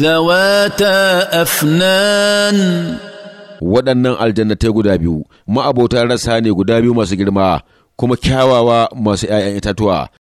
ذواتا afnan. waɗannan aljannatai guda biyu ma'abota rasa ne guda biyu masu girma kuma kyawawa masu ‘ya'yan itatuwa